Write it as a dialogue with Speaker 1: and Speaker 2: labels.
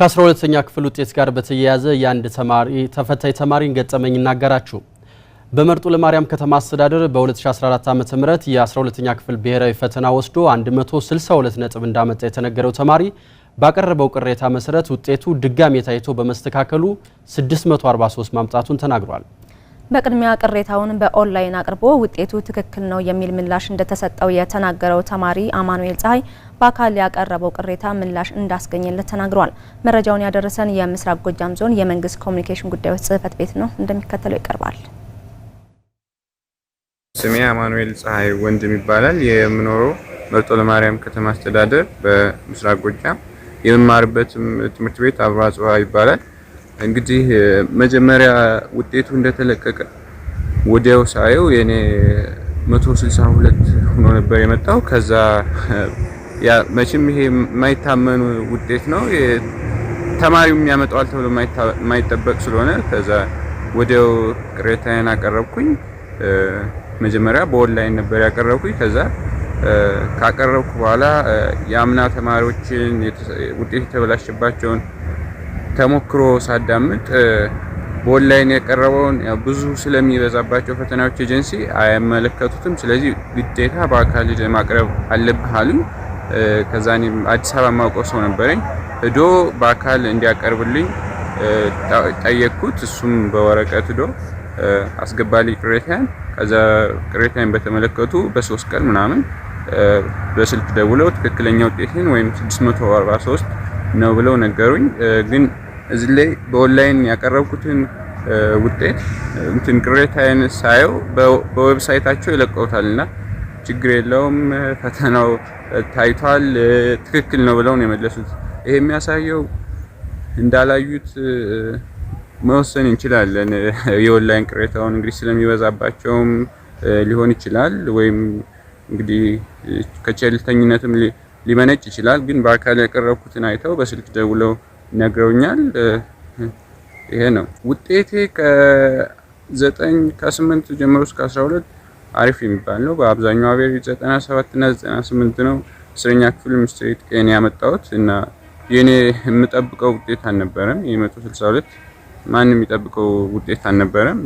Speaker 1: ከ12ኛ ክፍል ውጤት ጋር በተያያዘ የአንድ ተማሪ ተፈታኝ ተማሪን ገጠመኝ እናገራችሁ። በመርጡ ለማርያም ከተማ አስተዳደር በ2014 ዓ.ም የ12ኛ ክፍል ብሔራዊ ፈተና ወስዶ 162 ነጥብ እንዳመጣ የተነገረው ተማሪ ባቀረበው ቅሬታ መሰረት ውጤቱ ድጋሜ ታይቶ በመስተካከሉ 643 ማምጣቱን ተናግሯል።
Speaker 2: በቅድሚያ ቅሬታውን በኦንላይን አቅርቦ ውጤቱ ትክክል ነው የሚል ምላሽ እንደተሰጠው የተናገረው ተማሪ አማኑኤል ፀሐይ በአካል ያቀረበው ቅሬታ ምላሽ እንዳስገኘለት ተናግሯል። መረጃውን ያደረሰን የምስራቅ ጎጃም ዞን የመንግስት ኮሚኒኬሽን ጉዳዮች ጽህፈት ቤት ነው። እንደሚከተለው ይቀርባል።
Speaker 3: ስሜ አማኑኤል ፀሐይ ወንድም ይባላል። የምኖረው መርጦ ለማርያም ከተማ አስተዳደር በምስራቅ ጎጃም የምማርበት ትምህርት ቤት አብራ ይባላል። እንግዲህ መጀመሪያ ውጤቱ እንደተለቀቀ ወዲያው ሳየው የኔ 162 ሆኖ ነበር የመጣው። ከዛ ያ መቼም ይሄ የማይታመኑ ውጤት ነው ተማሪው ያመጣዋል ተብሎ የማይጠበቅ ስለሆነ ከዛ ወዲያው ቅሬታዬን አቀረብኩኝ። መጀመሪያ በኦንላይን ነበር ያቀረብኩኝ። ከዛ ካቀረብኩ በኋላ የአምና ተማሪዎችን ውጤት የተበላሸባቸውን ተሞክሮ ሳዳምጥ በኦንላይን የቀረበውን ብዙ ስለሚበዛባቸው ፈተናዎች ኤጀንሲ አይመለከቱትም። ስለዚህ ግዴታ በአካል ማቅረብ አለብህ አሉኝ። ከዛ አዲስ አበባ የማውቀው ሰው ነበረኝ ሂዶ በአካል እንዲያቀርብልኝ ጠየቅኩት። እሱም በወረቀት ሂዶ አስገባልኝ ቅሬታን። ከዛ ቅሬታን በተመለከቱ በሶስት ቀን ምናምን በስልክ ደውለው ትክክለኛ ውጤትን ወይም 643 ነው ብለው ነገሩኝ ግን እዚህ ላይ በኦንላይን ያቀረብኩትን ውጤት እንትን ቅሬታዬን ሳየው በዌብሳይታቸው ይለቀውታልና ችግር የለውም ፈተናው ታይቷል፣ ትክክል ነው ብለው ነው የመለሱት። ይሄ የሚያሳየው እንዳላዩት መወሰን እንችላለን። የኦንላይን ቅሬታውን እንግዲህ ስለሚበዛባቸውም ሊሆን ይችላል ወይም እንግዲህ ከቸልተኝነትም ሊመነጭ ይችላል። ግን በአካል ያቀረብኩትን አይተው በስልክ ደውለው ነግረውኛል። ይሄ ነው ውጤቴ። ከዘጠኝ ከስምንት ጀምሮ እስከ አስራ ሁለት አሪፍ የሚባል ነው። በአብዛኛው አቬሬጅ ዘጠና ሰባት እና ዘጠና ስምንት ነው። አስረኛ ክፍል ሚኒስትሪ ጤና ያመጣሁት እና የኔ የምጠብቀው ውጤት አልነበረም። የመቶ ስልሳ ሁለት ማንም የሚጠብቀው ውጤት አልነበረም።